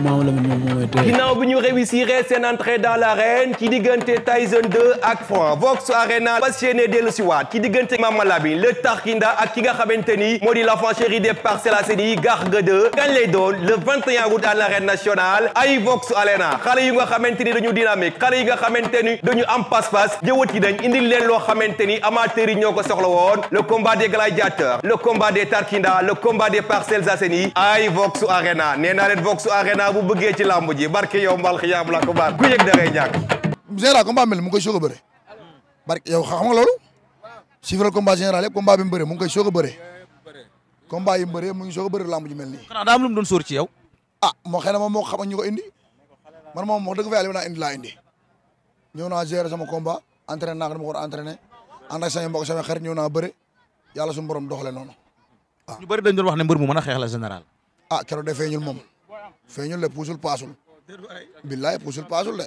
Maama Lamine moom si waat ci diggante Mama Lamine le Tarkinda ak ki nga xamante ni moo di l'enfant chéri des Parcelles Assainies Garga 2 gañ lay doon nationale ay Vox Arena xale yu nga xamante ni dañu dynamique xale yi nga xamante ni dañu am pas-pas jëwati nañ loo xamante ni amateurs yi ñoo ko soxla woon le combat des gladiateurs le combat des Tarkinda le combat des Parcelles Assainies ay Vox Arena nee naa Vox Arena naa bu bëggee ci làmb barke yow mbal xiyaam la ko baax ku yëg da ngay ñàkk. général combat mel mu ngi a bëre barke yow xam nga loolu chiffre combat général yëpp combat bi mu bëre mu ngi koy soog a bëre combat yi mu bëre mu ngi soog a bëre làmb ji mel nii. xanaa daa am lu mu doon sóor ci yow. ah moo xëy na moom moo xam ñu ko indi man moom wax dëgg fa yàlla naa indi laa indi ñëw naa gérer sama combat entraîné naa ko dama ko war a entraîné ànd ak sama sama xarit noonu waaw. Ah. ñu bëri dañ doon wax ne mbër mu a xeex la général. ah keroog defee feeñul le puusul paasul. billahi puusul paasul de.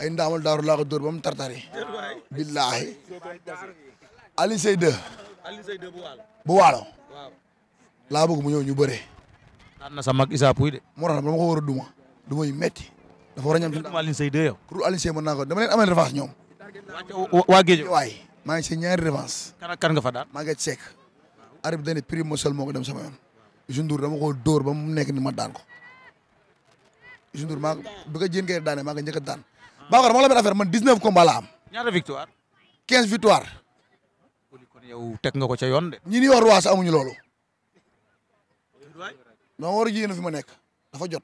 ay ndaamal daaru laa ko dóor ba mu tartari. billahi. Alioune Seye bu waalo. laa bëgg mu ñëw ñu bëree. daan na sa mag Issa Pouye de. moo tax dama ko war a duma. duma yu metti dafa war a ñam ci dama Alioune Seye 2 yow. pour Alioune Seye naa ko dama leen amee revanche ñoom. waa Géej waay. maa ngi si ñaari revanche. kan ak fa daan. maa ngi ci sekk. arbitre bi dañ ne mo sel moo ko dem sama yoon. Youssou Ndour dama ko dóor ba mu nekk ni ma daan ko. Youssou Ndour maa bi ko Diène Kaïré daane maa ko njëkk a daan Babacar moo la benn affaire man 19 combats la am. victoire. 15 yow teg nga ko ca yoon de. ñi ni wax ruwaasa amuñu loolu. non war a fi ma nekk dafa jot.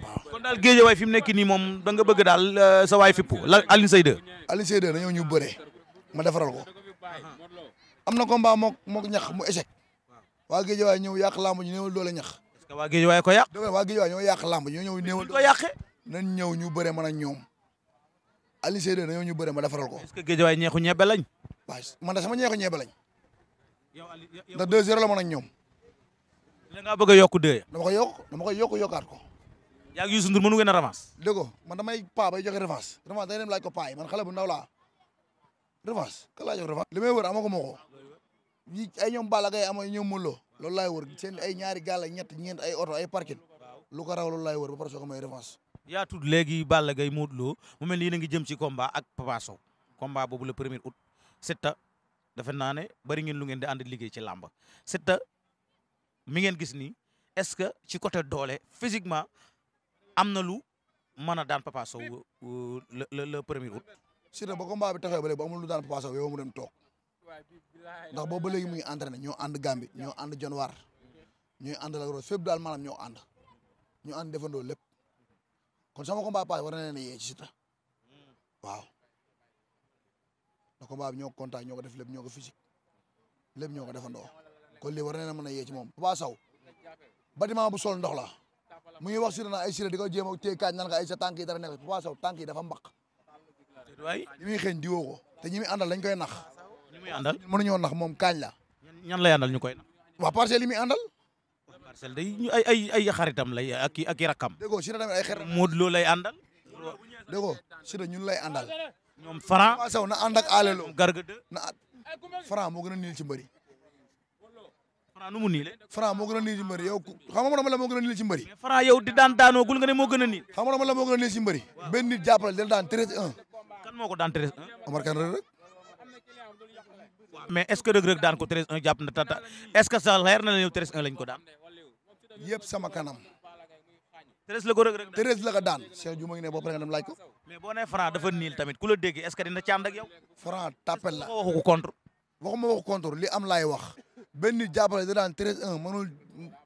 waaw daal géej waay fi mu nekk nii moom da nga bëgg daal euh, sa waay fippu Alioune Seye 2. Alioune Seye 2 dañoo ñu bëree ma defaral ko am na combat mook mook ñax mu échec waa géej waay ñëw yàq làmb ñu néewal doole ñax. parce que waa géej waaye ko yàq. dëgg la waa géej waaye ñoo yàq làmb ñoo ñëw néewal. ko yàqee nañ ñëw ñu bëre man ak ñoom Alioune Seye de dañoo ñu bëre ma defaral ko. est-ce que géej waaye ñeexu ñebe lañ. waaw man de sama ñeexu ñebe lañ. yow Aliou ndax 2-0 la man ak ñoom. da ngaa bëgg yokk deux. dama koy yokk dama koy yokk yokkaat ko. yaa ngi Youssou Ndour mënu a revanche. dëgg man damay paa bay joxe revanche. revanche dañ dem laaj ko bu ndaw laa revanche kan laa li may wër amagu ma ay ñoom Balla Gaye amoo ñoom Modou loolu laay wër seen ay ñaari gàll ñett ñeent ay oto ay parking lu ko raw loolu laay wër ba pare soo ko may revanche. yaa tudd léegi Balla Gaye Modou Lo mu mel ni yéen jëm ci komba ak Papa Sow combat boobu le premier août Siteu defe naa ne bari ngeen lu ngeen di ànd liggéey ci làmb Siteu mi ngeen gis nii est-ce que ci côté doole physiquement am na lu mën a daan Papa Sow euh, le le le premier août. Siteu ba combat ba léegi ba amul lu daan Papa Sow mu dem toog. ndax boobu ba léegi mu ngi entraîné ñoo ànd Gambie ñoo ànd John War ñooy ànd la Rose fépp daal maanaam ñoo ànd ñu ànd defandoo lépp kon sama combat paase war na leen a yee ci Siteu waaw ndax combat bi ñoo ko contact ñoo ko def lépp ñoo ko physique lépp ñoo ko defandoo kon lii war na leen a mën a yee ci moom Papa Sow bâtiment bu sol ndox la mu ngi wax Siteu na ay Siteu di ko jéem a kaaj nan ko ay sa tànk dafa mbaq li muy xëñ ko te ñi muy àndal koy nax muy àndal mënuñoo nax moom kaañ la. ñan lay àndal ñu koy nax. waa parcelle yi i ak i rakkam. déggoo si tamit ay xaritam Modou Lo lay àndal. déggoo si ñun lay àndal. ñoom Franc waaw saw na ànd ak alelo. garga de na Franc moo gën a niil ci mbëri. Franc nu mu niile. Franc moo gën a niil ci mbëri yow xam nga la moo gën a niil ci mbëri. mais Franc yow di daan daanoo gul nga ne moo gën a niil. xam nga la a daan 13 1. kan moo ko mais est-ce que Reug Reug daan ko 13-1 jàpp na tata est-ce que sa na la ñëw 13-1 ko daan. yëpp sama kanam. 13 la ko Reug Reug la ko daan Cheikh Diouf ma ngi ne boobu rek dem laaj ko. mais boo nee Franc dafa niil tamit ku la dégg est-ce que dina ci ànd ak yow. Franc tapel la waxu ko contre. waxuma li am laay wax. benn nit jàppale da daan 13-1 mënul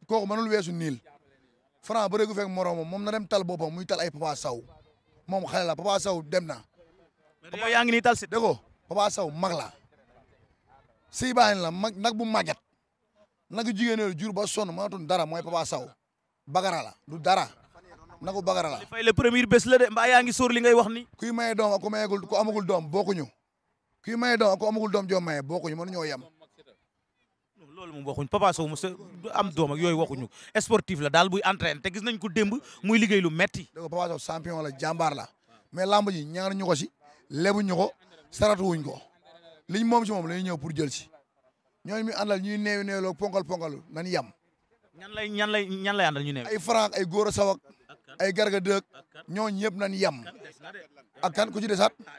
kooku mënul weesu niil. Franc bëre gu fekk moroomam moom na tal boppam muy sëy bàyyi la mag nag bu màgget nag jigéen jur ba sonn mënatuñ dara mooy Papa saw bagara la du dara nagu bagara la. li fay le premier bés la de mbaa yaa ngi sóor li ngay wax ni kuy maye doom ak ku mayegul ku amagul doom bokkuñu kuy maye doom ak ku amagul doom joo maye bokkuñu mënuñoo yem. loolu moom waxuñ Papa Sow mos am doom ak yooyu waxuñu sportif la daal buy entraîné te gis nañ ko démb muy liggéey lu metti dégg Papa Sow champion la jàmbaar la mais lamb ji ñaar ñu ko si lebuñu ko saratuwuñ ko. liñ moom si moom la ñuy ñëw pour jël si ñooñu mi àndal ñuy neew neewloo ponkal ponkal nan yam. ñan lay ñan lay ñan lay àndal ñu neew. ay franc ay góor a sawak ay garga dëkk ñooñu ñëpp nan yam ak kan ku ci desaat ah,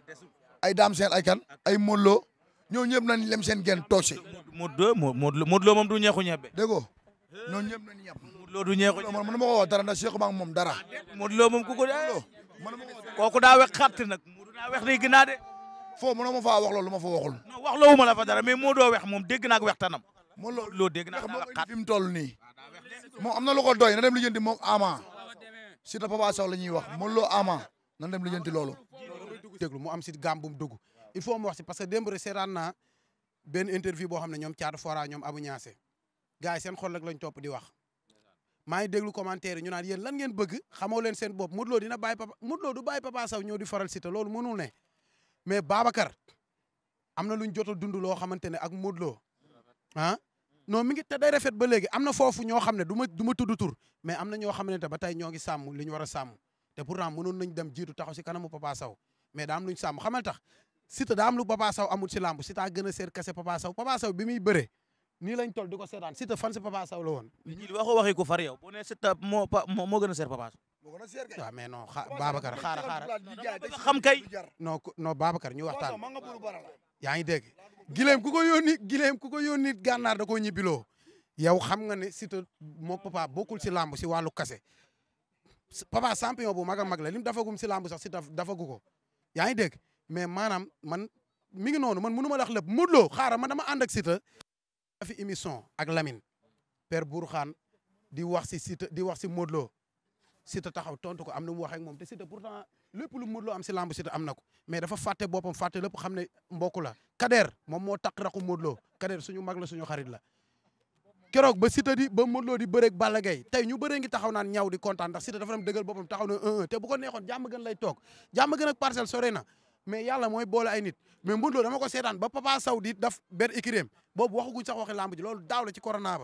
ay daam seen ay kan ay mollo ñooñu ñëpp nañ lem seen genn toog si. Modou Modou Modou moom du ñeexu ñebe. dégg nga ñooñu ñëpp nañ yam. Modou du ñeexu ñebe man man ma ko woo dara ndax Cheikh Ba moom dara. Ah, Modou moom ku ko dee. kooku daa wex xàtt nag. Modou daa wex day gën a de. foo mënoo ma faa wax loolu lu ma fa waxul. non wax loowu ma la fa dara mais moo doo wex moom dégg naa ko wextanam. moo loo loo dégg naa la xaat fi mu toll nii. moom am na lu ko doy na dem lijjanti moom Ama. si ta Papa Sow la ñuy wax moo loo Ama na dem lijjanti loolu. déglu mu am si gàmm bu mu dugg il faut mu wax si parce que démb rek seetaan naa benn interview boo xam ne ñoom Thiatou Fora ñoom Abou Niassé gars yi seen xol rek lañ topp di wax. maa ngi déglu commentaire yi ñu naan yéen lan ngeen bëgg xamoo leen seen bopp Modou Lo dina bàyyi papa Modou Lo du bàyyi Papa Sow ñëw di faral Siteu loolu mënul ne mais Babacar am na lu ñu jot a dund loo xamante ne ak Modou loo ah non mi ngi te day rafet ba léegi am na foofu ñoo xam ne du ma du ma tudd tur mais am na ñoo xam ne te ba tey ñoo ngi sàmm li ñu war a sàmm te pourtant no nañ dem jiitu taxaw si kanamu Papa Sow mais daa lu ñu sàmm xamal tax Siteu daa lu Papa Sow amul si làmb Siteu a gën a seet kese Papa Sow Papa Sow bi muy bëre nii lañ toll di ko seetaan Siteu fan si Papa Sow la woon. waxoo ko far yow boo moo moo gën a seet Papa Sow waaw mais non xa Babacar xaara xaara xam kay. non non Babacar ñu waxtaan. yaa ngi dégg gileem ku ko yónni gileem ku ko yónni gànnaar da koo ñibbiloo yow xam nga ne Siteu moo papa bokkul si làmb si wàllu kase papa champion bu mag a mag la lim dafagum si làmb sax si daf dafagu ko yaa ngi dégg mais maanaam man mi ngi noonu man mënu ma la wax lépp Modou Lo xaara man ànd ak Siteu fi émission ak Lamine Père Bourkhane di wax si Siteu di wax si Modou Siteu taxaw tontu ko am na mu ak moom te Siteu pourtant lépp lu Modou Lo am si lamb Siteu am na ko mais dafa fàtte boppam fàtte lépp xam ne mbokk la Kader moom moo taq raqu Modou Lo Kader suñu mag la suñu xarit la keroog ba Siteu di ba Modou Lo di bëreeg Balla Gaye ñu bëree ngi taxaw naan ñaw di kontaan ndax Siteu dafa dem dëggal boppam taxaw na te bu ko neexoon jàmm gën lay toog jàmm gën ak parcelle sore na mais yàlla mooy boole ay nit mais Modou Lo dama ko seetaan ba Papa Sow di daf ber écurie boobu waxaguñ sax ji loolu daaw la ci corona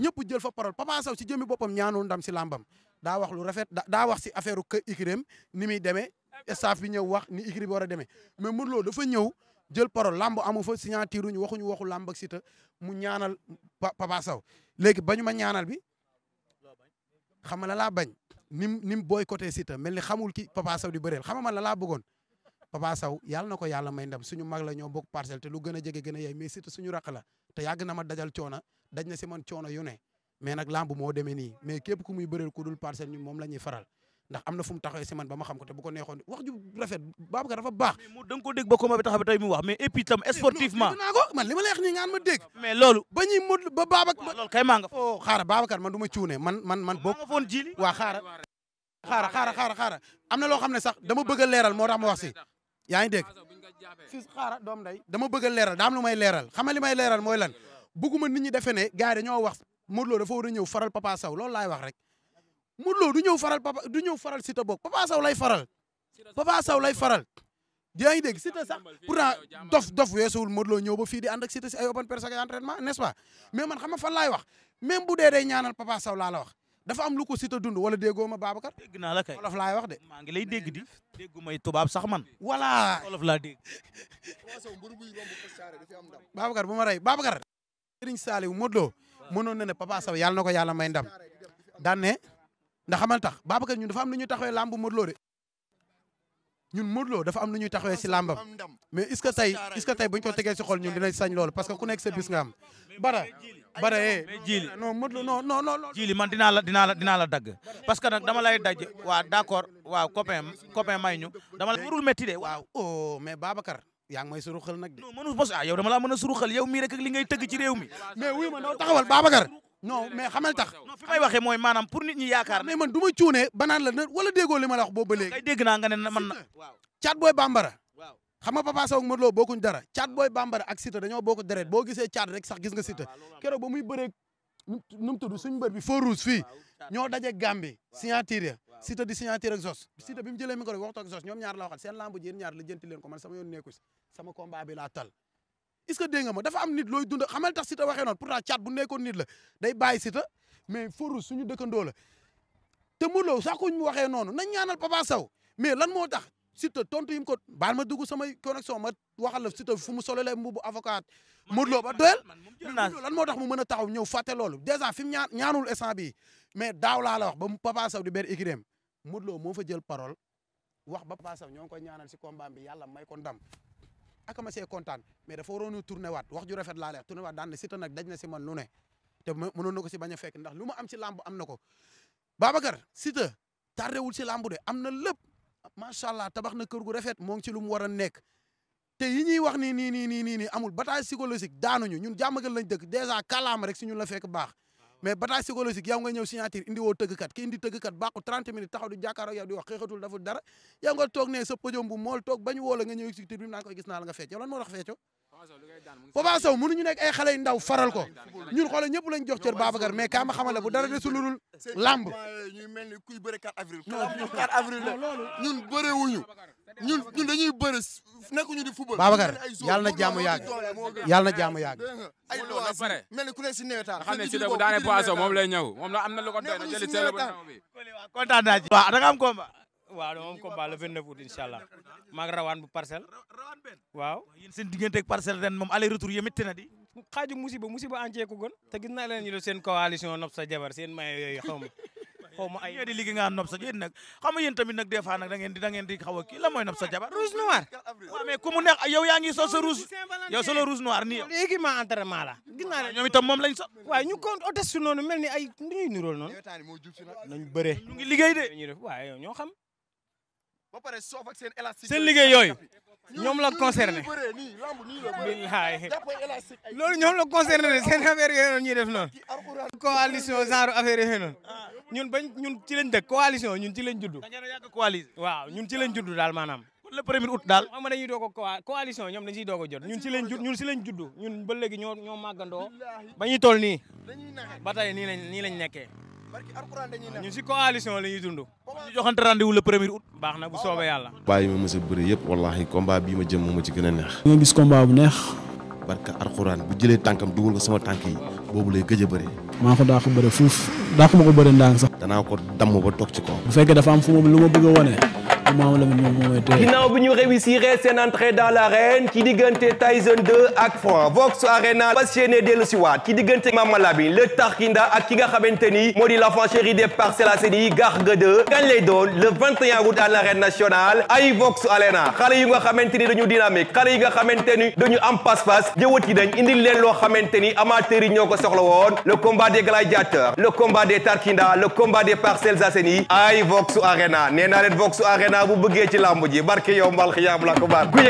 ñëpp jël fa parole Papa Sow ci jëmmi boppam ñaanul ndam si lambam daa wax lu rafet daa wax si affaire kë Ikrim ni muy demee staff bi ñëw wax ni Ikrim bi war a demee mais Modou Lo dafa ñëw jël parole lamb amu fa signature ñu waxuñu waxu lamb ak Siteu mu ñaanal Papa Sow léegi bañu ma ñaanal bi xam nga la laa bañ ni mu ni mu boycotté Siteu mel ni xamul ki Papa Sow di bëreel xam nga man la laa bëggoon Papa Sow na ko yàlla may ndam suñu mag la ñoo bokk parcelle te lu gën a jege gën a yey mais Siteu suñu raq la te yàgg na ma dajal coono daj na si man coono yu ne mais nag lamb moo demee nii mais képp ku muy bëreel ku dul parcelle ñu moom la ñuy faral ndax am na fu mu taxawee si man ba ma xam ko te bu ko neexoon wax ju rafet Babacar dafa baax. mais mu ko dégg ba combat bi taxaw bi tey mu wax mais et tam sportivement. man li ma lay wax ma dégg. mais ba ñuy mot ba kay maa nga fa. oh man du ma cuune man man man. bokk foon jili waaw xaaral. xaaral xaaral xaaral xaaral am na loo xam ne sax dama bëgg a leeral moo tax ma wax si yaa ngi dégg. si xaaral doom day dama bëgg a leeral daa may leeral xam nga li may leeral mooy lan bëgguma nit ñi defe ne gars yi wax Modou Lo dafa war a ñëw faral Papa Sow loolu laay wax rek Modou du ñëw faral papa du ñëw faral Siteu bokk Papa Sow lay faral Papa Sow lay faral yaa ngi dégg Siteu sax pourtant dof dof weesuwul Modou Lo ñëw ba fii di ànd ak Siteu si ay open press ak mais man xam nga fan laay wax même bu dee day ñaanal Papa saw laa la wax dafa am lu ko Siteu dund wala déggoo ma Babacar. dégg naa la kay wax de. maa ngi dégg di déggu may tubaab sax man. voilà wolof laa dégg. Babacar bu ma rey Babacar. Serigne Saliou Modou Lo mënoon na ne Papa Sow yàlla na ko yàlla may ndam daan ne ndax xamal tax Babacar ñun dafa am lu ñuy taxawee làmb Modou Lo de ñun Modou Lo dafa am lu ñuy taxawee si làmbam mais est-ce que tey est-ce que tey buñ ko tegee si xol ñun dinañ sañ loolu parce que ku nekk sa bis nga am bara bara eh jili non Modou Lo man dinaa la dinaa la dinaa la dagg parce que nag dama lay daj waa d'accord waaw copain copain may ñu dama la warul métti de waaw oh mais Babacar yaa ngi may suru xel nag de. non mënu bos ah dama laa mën a suru xel yow mii rek ak li ngay tëgg mi. mais wuy ma noo taxawal Babacar. non mais xamal mooy maanaam pour mais man du ma cuune la wala déggoo li ma la wax boobu ba léegi. kay dégg nga ne man na. caat booy bambara. xam nga Papa Sow ak Modou boo bokkuñ dara caat booy bambara ak Siteu dañoo bokk deret boo gisee caat rek sax gis nga Siteu ah, keroog ba muy nu mu tudd suñu mbër bi feu fii ñoo daje Gambie signature ya Siteu di signature ak Zos bi mu jëlee micro bi waxtu ak Zos ñoom ñaar la waxal seen lamb ji yéen ñaar la jënti leen ko man sama yoon nekku si sama combat bi laa tal est-ce ma dafa am nit looy dund xamal tax Siteu waxee noonu pourtant caat bu nekkoon nit la day bàyyi Siteu mais feu rouge suñu dëkkandoo la te Modou Lo sax ku ñu waxee noonu nañ ñaanal Papa Sow mais lan moo tax Siteu tontu yim ko baal ma dugg samay connexion ma waxal la Siteu fu mu sololee mbubu avocat Modou Lo ba doyel lan moo tax mu mën a taxaw ñëw fàtte loolu dèjà fi mu ñaan ñaanul instant bi mais daaw laa la wax ba mu Papa Sow di ber écurie am moo fa jël parole wax ba Papa ñoo ngi koy ñaanal si combat bi yàlla may ko ndam aka ma see kontaan mais dafa waroon a tourné waat wax ju rafet laale leex tourné waat daan ne Siteu nag daj na si man lu ne te mënoon na ko si bañ a fekk ndax lu ma am si làmb am na ko Babacar Siteu tardé wul si làmb de am na lépp macha allah tabax na kër gu rafet moo ngi ci mu war a nekk te yi ñuy wax ni nii ni nii nii nii amul bataille psychologique daanuñu ñun jàmmagal lañ dëkk dèjà kàllaama rek si ñun la fekk baax mais bataille psychologique yow nga ñëw indi woo tëggkat ki indi tëggkat bàqu 30 minutes taxaw di jàkkaaroo wax xeexatul dafa dara yow nga toog ne sa podium bu mool toog bañ woo la nga ñëw ci tribune naan koy gis naa la nga fecc yow lan moo Papa Sow mënuñu nekk ay xale yu ndaw faral ko ñun xoolal ñëpp lañ jox cër Babacar mais kaa ma xamal la bu dara desul lu dul ñun bëre wuñu ñun ñun dañuy bëre nekkuñu di football. Babacar yàlla na jaamu yàgg yàlla na jaamu yàgg. mel ni ku si nawetaan. xam kontaan naa ci. waaw da nga waaw dama am combat le 29 août incha allah maag rawaan bu parcelle. waaw. yéen seen digganteeg parcelle ren moom aller retour yi métti na di. xaaju musiba musiba àncee ko gën. te gis naa leen ñu di liggéey nga nopp sa jabar. rouge noir. waaw mais ku mu neex yow yaa ngi sol sa rouge. yow noir nii yow. ma entraînement la. gis naa leen ñoom itam moom lañ so. waaye ñu ko otes su noonu mel ni ay nu ñuy niróol noonu. nañ ñu ngi xam ba pare soof ak seen élastique seen liggéey yooy ñoom la concerné billaay loolu ñoom la concerné seen affaire yooyu noonu ñuy def noonu coalition genre affaire yooyu noonu ah. ñun bañ ñun ci lañ dëkk coalition ñun ci lañ judd waaw ñun ci lañ judd daal maanaam le premier août daal xam a coa coalition ñoom dañ siy doog a jot ñun si lañ judd ñun si lañ judd ñun ba léegi ñoo ñoo màggandoo ba ñuy toll nii ba tey nii lañ nii lañ nekkee ñun si coalition la ñuy dund. ñu joxante rendez-vous le premier août. baax na bu soobee yàlla. combat ma mës a bëre yëpp wallaahi combat bii ma jëm moo ma ci a neex. di nga gis combat bu neex. barka alxuraan bu jëlee tànkam dugal ko sama tànk yi boobu lay gëj a bëri. maa ko daa ko fuuf daa ko ma ko sax. danaa ko damm ba toog ci kaw. bu fekkee dafa am fu mu lu ma bëgg a te Maama Lamine moom moo tey. ginnaaw bi ñu réussir le Tarkinda ak ki nga ni moo di l'enfant chéri des Parcelles Assainies Garga 2 gañ lay doon le 21 août à ay Vox Arena xale yu nga xamante ni dañu dynamique xale yi nga xamante ni dañu am pas-pas jëwat yi loo xamante ni amateurs yi ñoo ko soxla woon le combat des gladiateurs le combat des Tarkinda le combat des Parcelles Assainies ay Vox Arena nee naa Arena bu bëggee ci làmb ji barke yow mbal xiyaam la ko baal